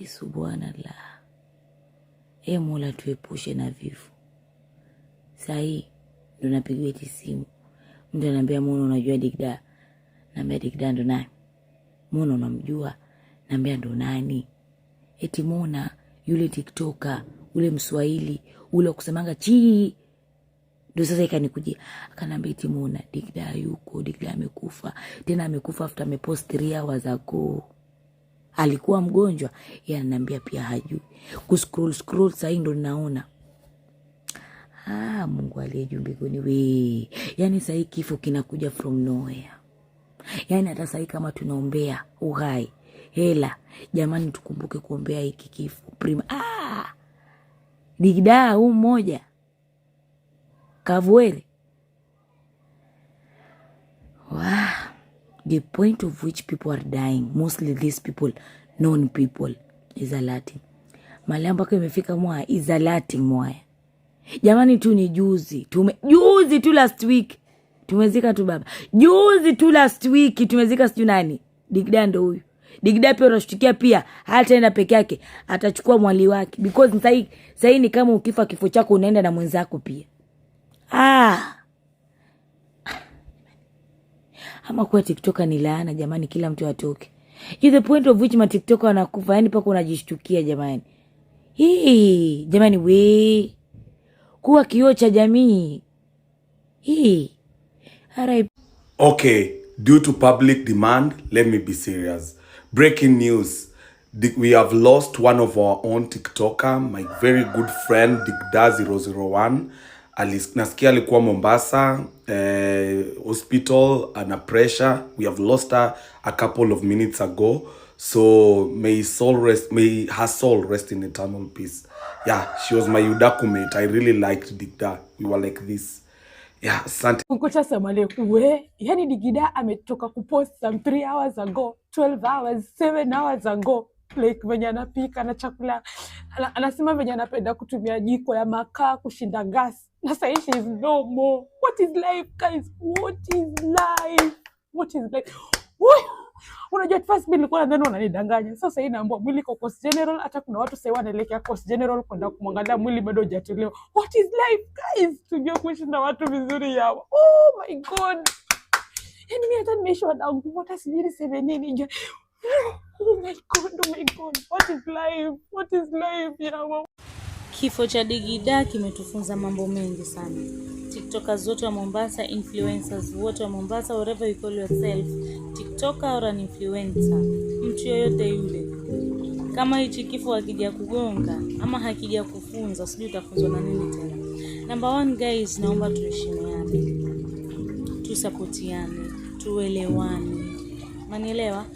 Yesu Bwana la e Mola, tuepushe na vifo. Sahii ndo napigiwa eti simu, mtu anaambia Mona, unajua Digda? Naambia Digda ndo nani? Mona unamjua? Naambia ndo nani? Eti Mona yule tiktoka ule mswahili ule wakusemanga kusemanga chii. Ndo sasa ikanikujia akanaambia eti Mona, Digda yuko Digda amekufa tena, amekufa after amepost three hours ago alikuwa mgonjwa yeye ananiambia pia hajui kuscroll scroll sahii ndo ninaona ah, mungu aliye juu mbinguni we yaani sahii kifo kinakuja from nowhere yaani hata sahii kama tunaombea uhai hela jamani tukumbuke kuombea hiki kifo prima ah, digdaa huu mmoja kavuere wow the point of which people are dying mostly these people known people is alerting mali ambako imefika mwaya is alerting mwaya jamani tu ni juzi tume juzi tu last week tumezika tu baba juzi tu last week tumezika sijui nani digda ndo huyu digda pia unashutikia pia hataenda peke yake atachukua mwali wake because sahii ni kama ukifa kifo chako unaenda na mwenzako pia ah Ama kuwa TikToker ni laana jamani, kila mtu atoke. You the point of which ma TikToker wanakufa, yani paka unajishtukia jamani. Hii, jamani we. Kuwa kioo cha jamii. Hii. Alright. Okay, due to public demand, let me be serious. Breaking news. We have lost one of our own TikToker, my very good friend Digda001 nasikia alikuwa Mombasa eh, hospital ana pressure. We have lost her a couple of minutes ago so may soul rest, may her soul rest in eternal peace. Yeah, she was my udaku mate. I really liked Digda. We were like this. Yeah, asante. kukucha Samale kuwe. Yani Digida ametoka kupost some three hours ago, 12 hours, 7 hours ago. Like mwenye anapika na chakula ana, anasema venye anapenda kutumia jiko ya makaa kushinda gasi na sahii she is no more. What is life guys? What is life? What is life? Unajua first mimi nilikuwa nadhani wananidanganya. Sasa so hii naambia mwili kwa Coast General, hata kuna watu sasa wanaelekea Coast General kwenda kumwangalia mwili bado hajatolewa. What is life guys? Tujue kuishi na watu vizuri yao. Oh my god. Yaani mimi hata na nguvu, hata sijui niseme nini. Oh my God, oh my God. What is life? What is life? Kifo cha Digida kimetufunza mambo mengi sana. TikTokers zote wa Mombasa, influencers wote wa Mombasa, whatever you call yourself, TikToker or an influencer, mtu yoyote yule, kama hichi kifo hakija kugonga ama hakija kufunza, sijui utafunzwa na nini tena. Number one guys, naomba tuheshimiane, tusapotiane, tuelewane, manielewa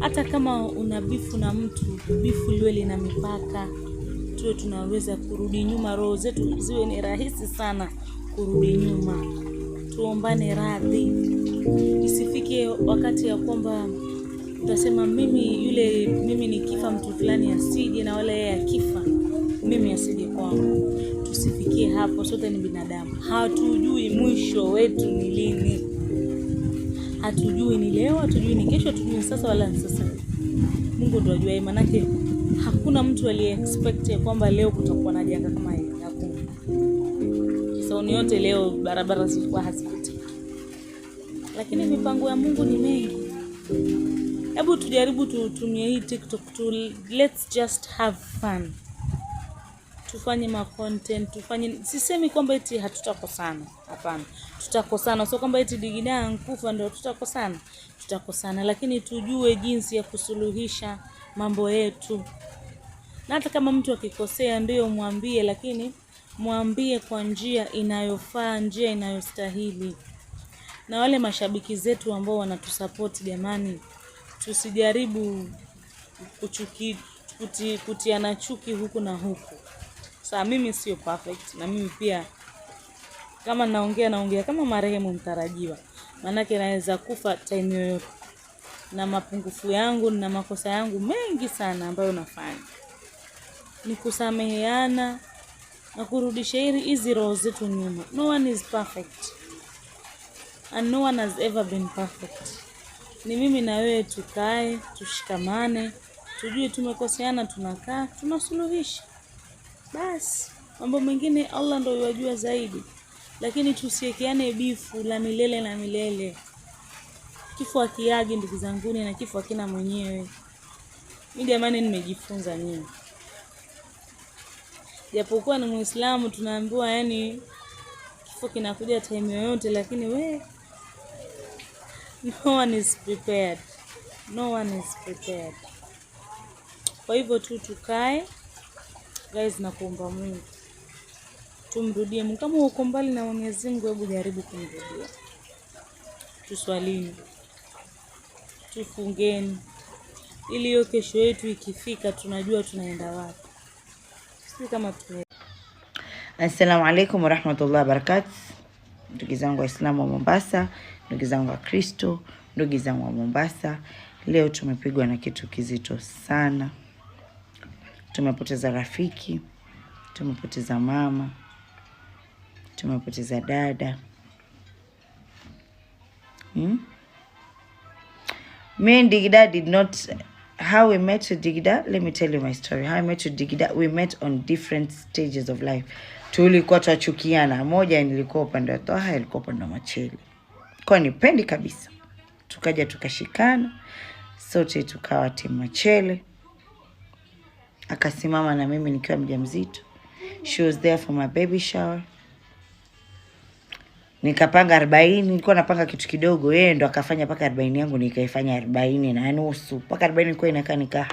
hata kama una bifu na mtu, bifu liwe lina mipaka, tuwe tunaweza kurudi nyuma, roho zetu ziwe ni rahisi sana kurudi nyuma, tuombane radhi, isifike wakati ya kwamba utasema mimi yule mimi nikifa mtu fulani asije, na wala yeye akifa mimi asije kwangu. Tusifikie hapo, sote ni binadamu, hatujui mwisho wetu ni lini hatujui ni leo, hatujui ni kesho, hatujui ni sasa wala ni sasa Mungu ndiye ajuaye, manake hakuna mtu aliye expect kwamba leo kutakuwa na janga kama hili. Hakuna sauni yote leo, barabara zilikuwa hazipiti, lakini mipango ya Mungu ni mengi. Hebu tujaribu tutumie hii TikTok tu, let's just have fun tufanye ma content tufanye, sisemi kwamba eti hatutakosana, hapana, tutakosana. Sio kwamba eti Digidaa nkufa ndio tutakosana, tutakosana, lakini tujue jinsi ya kusuluhisha mambo yetu, na hata kama mtu akikosea, ndio mwambie, lakini mwambie kwa njia inayofaa, njia inayostahili. Na wale mashabiki zetu ambao wanatusapoti, jamani, tusijaribu kuchuki, kuti, kutiana chuki huku na huku. Sasa mimi sio perfect, na mimi pia kama naongea naongea kama marehemu mtarajiwa, maanake naweza kufa time yoyote, na mapungufu yangu na makosa yangu mengi sana ambayo nafanya, ni kusameheana na kurudisha hili hizi roho zetu nyuma. No one is perfect and no one has ever been perfect. Ni mimi na wewe, tukae, tushikamane, tujue tumekoseana, tunakaa tunasuluhisha basi mambo mengine Allah ndio yajua zaidi, lakini tusiekeane bifu la milele na milele. Kifo akiagi ndugu zanguni, na kifo akina mwenyewe. Mi jamani, nimejifunza nini, japokuwa ni Muislamu tunaambiwa yani kifo kinakuja time yoyote, lakini we no one is prepared, no one is prepared. Kwa hivyo tu tukae Guys, kuomba Mungu tumrudie Mungu. Kama uko mbali na Mwenyezi Mungu, hebu jaribu kumrudia. Tuswalini, tufungeni, ili hiyo kesho yetu ikifika, tunajua tunaenda wapi. Sisi kama tuna Assalamu alaikum warahmatullahi wabarakatuh, ndugu zangu Waislamu wa Mombasa, ndugu zangu wa Kristo, ndugu zangu wa Mombasa, leo tumepigwa na kitu kizito sana. Tumepoteza rafiki, tumepoteza mama, tumepoteza dada hmm? Me and Digida did not how we met with Digida, let me tell you my story. How I met with Digida, we met on different stages of life. Tulikuwa twachukiana, moja nilikuwa upande wa Toha, alikuwa upande wa Macheli, kwa nipendi kabisa. Tukaja tukashikana sote tukawa timu Macheli akasimama na mimi nikiwa mjamzito. She was there for my baby shower. Nikapanga arobaini, nilikuwa napanga kitu kidogo, yeye ndo akafanya mpaka arobaini yangu nikaifanya arobaini na nusu mpaka arobaini nilikuwa inakaa nikaha.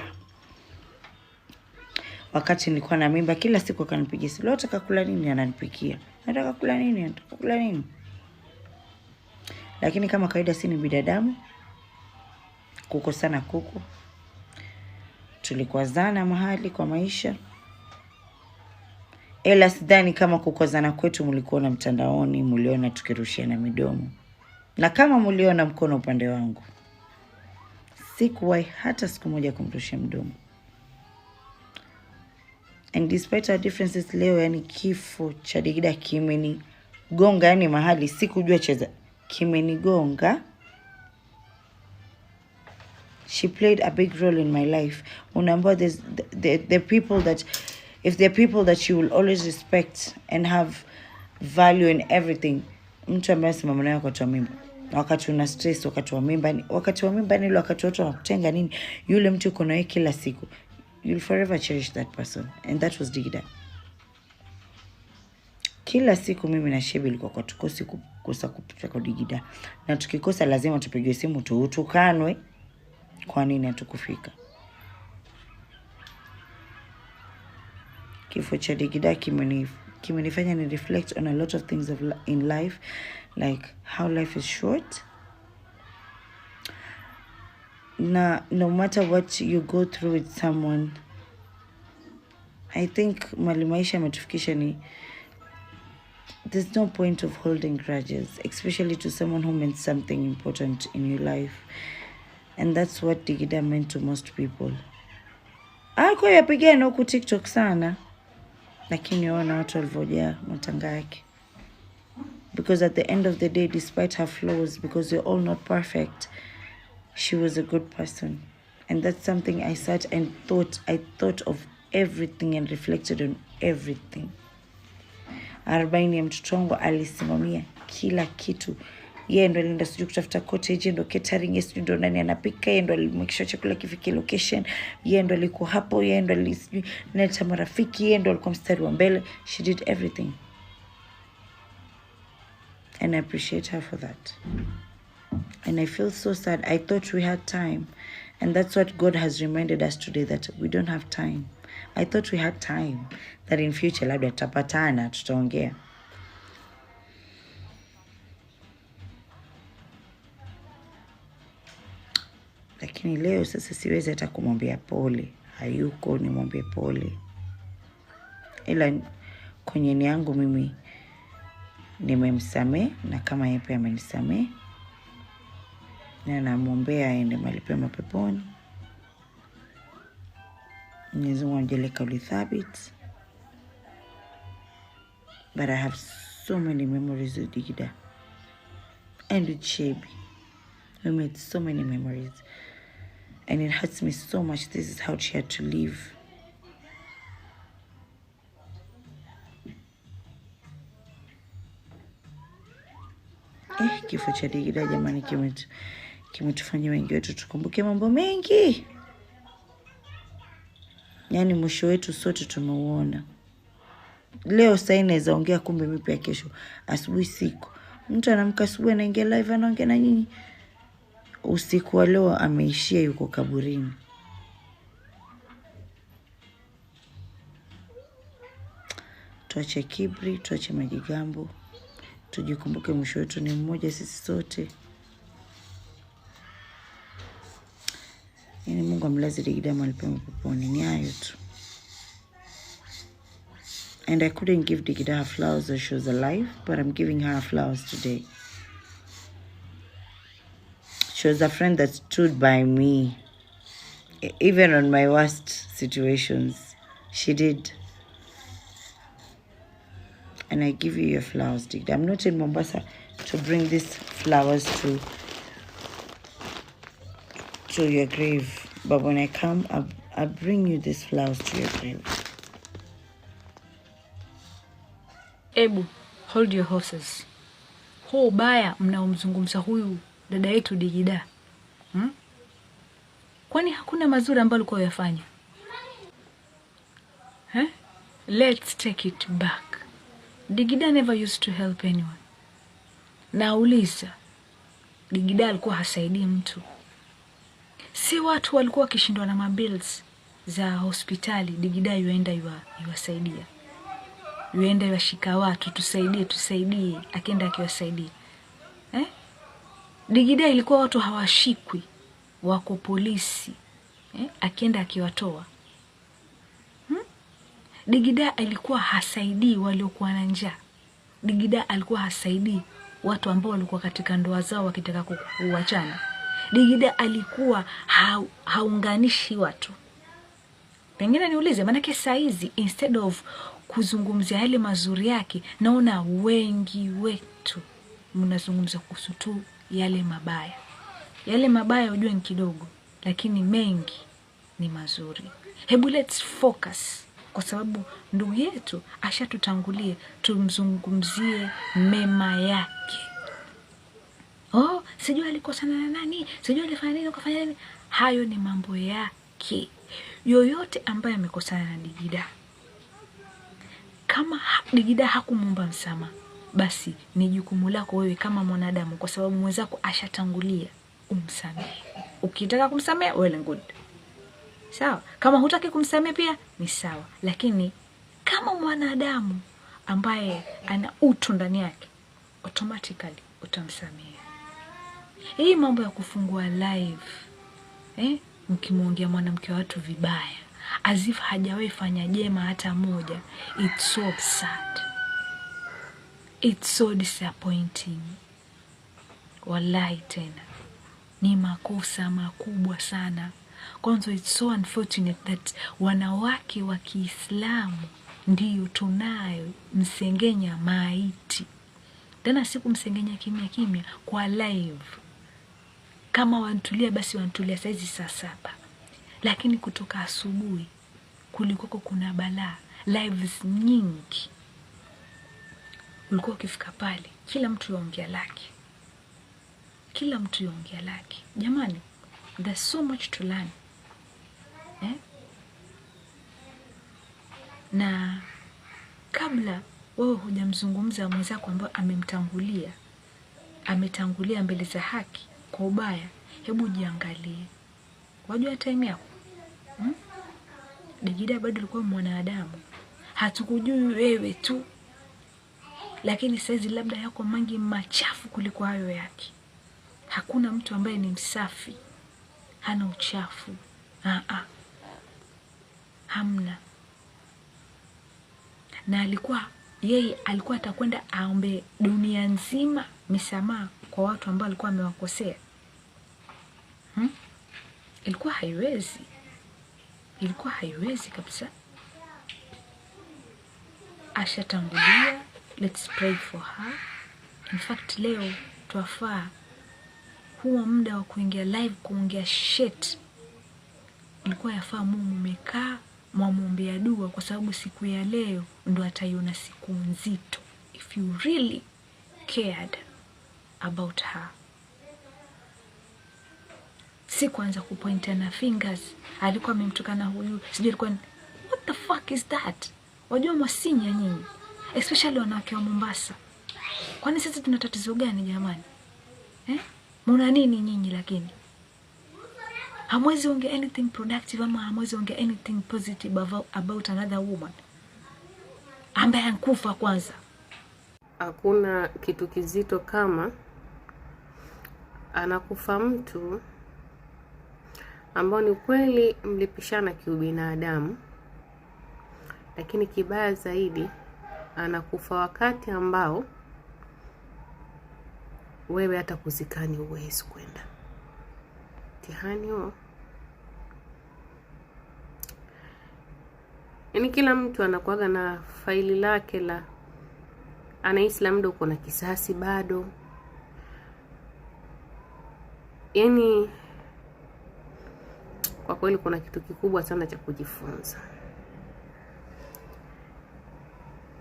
Wakati nilikuwa na mimba, kila siku akanipigia simu, nataka kula nini, ananipikia nataka kula nini, nataka kula nini, lakini kama kawaida si ni binadamu, kuko sana kuko tulikwazana mahali kwa maisha, ila sidhani kama kukwazana kwetu mlikuona mtandaoni, mliona tukirushiana midomo, na kama mliona mkono upande wangu, sikuwahi hata siku moja kumrushia mdomo. And despite our differences, leo yani kifo cha Digida kimenigonga yani mahali sikujua cheza, kimenigonga she played a big role in my life. Unaambiwa the, the, the people that if they're people that you will always respect and have value in everything mtu ambaye simama nayo wakati wa mimba wakati una stress wakati wa mimba wakati wa mimba ni wakati watu wanakutenga nini yule mtu uko naye kila siku you'll forever cherish that person and that was Digida kila siku mimi na Shebi ilikuwa kwa tukosi kukosa kupita kwa Digida na tukikosa lazima tupigiwe simu tutukanwe kwa nini hatukufika? Kifo cha Digida kimenifanya ni reflect on a lot of things of in life like how life is short na no matter what you go through with someone I think mali maisha ametufikisha ni there's no point of holding grudges especially to someone who meant something important in your life and that's what Digida meant to most people. Ako yapigana huku TikTok sana, lakini ona watu walivyojaa matanga yake because at the end of the day despite her flaws because we're all not perfect she was a good person and that's something i sat and thought i thought of everything and reflected on everything arobaini ya mtoto wangu alisimamia kila kitu yeye ndo alienda sijui kutafuta cottage, ndo catering, yeye sijui ndo nani anapika, yeye ndo alimwekisha chakula kifike location, yeye ndo alikuwa hapo, yeye ndo alisijui naleta marafiki, yeye ndo alikuwa mstari wa mbele. She did everything and I appreciate her for that and I feel so sad. I thought we had time and that's what God has reminded us today that we don't have time. I thought we had time that in future labda tutapatana tutaongea lakini leo sasa siwezi hata kumwambia pole, hayuko nimwambie pole, ila kwenye ni yangu mimi nimemsamee na kama yeye pia amenisamee na namwombea aende mahali pema peponi. Mwenyezi Mungu amjalie kauli thabit But I have so many memories with dida and with Shebi. We made so many memories and it hurts me so much. This is how she had to leave. Eh, kifo cha Digida jamani, kimetufanya wengi wetu tukumbuke mambo mengi, yaani mwisho wetu sote tumeuona. Leo sahii naweza ongea, kumbe mipya kesho asubuhi siku. Mtu anamka asubuhi, anaingia live, anaongea na nyinyi. Usiku wa leo ameishia yuko kaburini. Tuache kibri, tuache majigambo, tujikumbuke mwisho wetu ni mmoja, sisi sote. ni yaani Mungu amlaze Digidamo alipema peponi, ni hayo tu. And I couldn't give Digida her flowers as she was alive, but I'm giving her flowers today she was a friend that stood by me even on my worst situations she did and i give you your flowers Digda. i'm not in mombasa to bring these flowers to to your grave but when i come i, I bring you these flowers to your grave ebu hold your horses huu ubaya mnaomzungumza huyu dada yetu Dijida hmm? Kwani hakuna mazuri ambayo alikuwa yafanya huh? Let's take it back. Digida never used to help anyone. Nauliza, Digida alikuwa hasaidii mtu, si watu walikuwa wakishindwa na mabills za hospitali, Digida yuenda yuwasaidia, yuenda yuwashika watu, tusaidie, tusaidie, akienda akiwasaidia eh? Digida ilikuwa watu hawashikwi, wako polisi eh, akienda akiwatoa hmm? Digida alikuwa hasaidii waliokuwa na njaa. Digida alikuwa hasaidii watu ambao walikuwa katika ndoa zao wakitaka kuachana. Digida alikuwa ha haunganishi watu. Pengine niulize, maanake saa hizi instead of kuzungumzia yale mazuri yake, naona wengi wetu mnazungumza kuhusu tu yale mabaya. Yale mabaya ujue ni kidogo, lakini mengi ni mazuri. Hebu let's focus kwa sababu ndugu yetu ashatutangulie, tumzungumzie mema yake. Oh, sijui alikosana na nani, sijui alifanya nini, ukafanya nini. Hayo ni mambo yake. Yoyote ambaye amekosana na Digida, kama Digida hakumwomba msamaha basi ni jukumu lako wewe kama mwanadamu, kwa sababu mwenzako ashatangulia, umsamehe. Ukitaka kumsamehe, well and good, sawa. Kama hutaki kumsamehe pia ni sawa, lakini kama mwanadamu ambaye ana utu ndani yake, automatically utamsamehe. Hii mambo ya kufungua live eh, mkimwongea mwanamke wa watu vibaya as if hajawahi fanya jema hata moja, it's so sad. It's so disappointing. Wallahi tena ni makosa makubwa sana. Kwanza it's so unfortunate that wanawake wa Kiislamu ndiyo tunayo msengenya maiti, tena siku msengenya kimya kimya kwa live. Kama wantulia basi wantulia saizi saa saba, lakini kutoka asubuhi kulikuwako kuna balaa lives nyingi ulikuwa ukifika pale, kila mtu yaongea lake, kila mtu yaongea lake. Jamani, there's so much to learn eh? na kabla wewe hujamzungumza mwenzako ambayo amemtangulia ametangulia mbele za haki kwa ubaya, hebu jiangalie. Wajua time yako hmm? Digida bado ulikuwa mwanadamu, hatukujui wewe tu lakini saizi labda yako mangi machafu kuliko hayo yake. Hakuna mtu ambaye ni msafi hana uchafu. Aa, hamna. Na alikuwa yeye alikuwa atakwenda aombe dunia nzima misamaha kwa watu ambao alikuwa amewakosea hmm? Ilikuwa haiwezi, ilikuwa haiwezi kabisa. Ashatangulia Let's pray for her. In fact, leo twafaa huo muda wa kuingia live kuongea shit, ilikuwa yafaa Mungu umekaa mwamwombea dua, kwa sababu siku ya leo ndo ataiona siku nzito, if you really cared about her. Si kuanza kupointa na fingers, alikuwa amemtukana huyu, sijui alikuwa what the fuck is that. Wajua mwasinya nyinyi especially wanawake wa Mombasa. Kwani sisi tuna tatizo gani jamani eh? Muna nini nyinyi lakini hamwezi ongea anything productive ama hamwezi ongea anything positive about another woman ambaye ankufa kwanza. Hakuna kitu kizito kama anakufa mtu ambao ni kweli mlipishana kiubinadamu, lakini kibaya zaidi anakufa wakati ambao wewe hata kuzikani huwezi kwenda. Mtihani huo. Yaani kila mtu anakuaga na faili lake la anahisi labda uko na kisasi bado, yaani kwa kweli kuna kitu kikubwa sana cha kujifunza.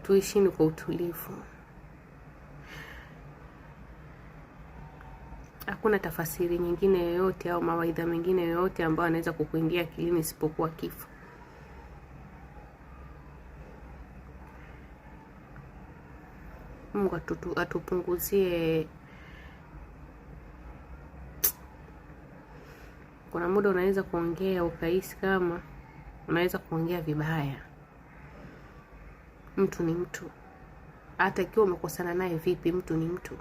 tuishini kwa utulivu. Hakuna tafasiri nyingine yoyote au mawaidha mengine yoyote ambayo anaweza kukuingia akilini isipokuwa kifo. Mungu atutu, atupunguzie. Kuna muda unaweza kuongea ukahisi kama unaweza kuongea vibaya mtu ni mtu, hata ikiwa umekosana naye vipi, mtu ni mtu.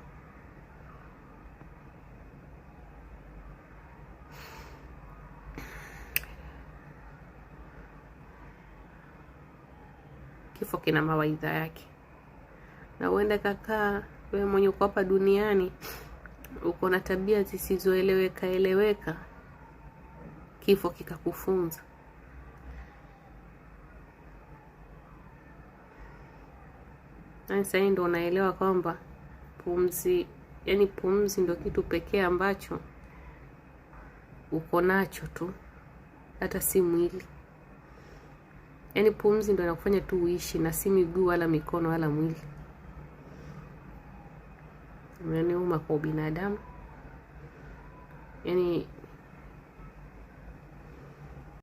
Kifo kina mawaidha yake, na uenda kakaa wewe mwenye uko hapa duniani uko na tabia zisizoeleweka eleweka, kifo kikakufunza Yani sasa ndo unaelewa kwamba pumzi, yani pumzi ndo kitu pekee ambacho uko nacho tu, hata si mwili. Yani pumzi ndo inakufanya tu uishi na si miguu wala mikono wala mwili. Yaani uma kwa ubinadamu, yani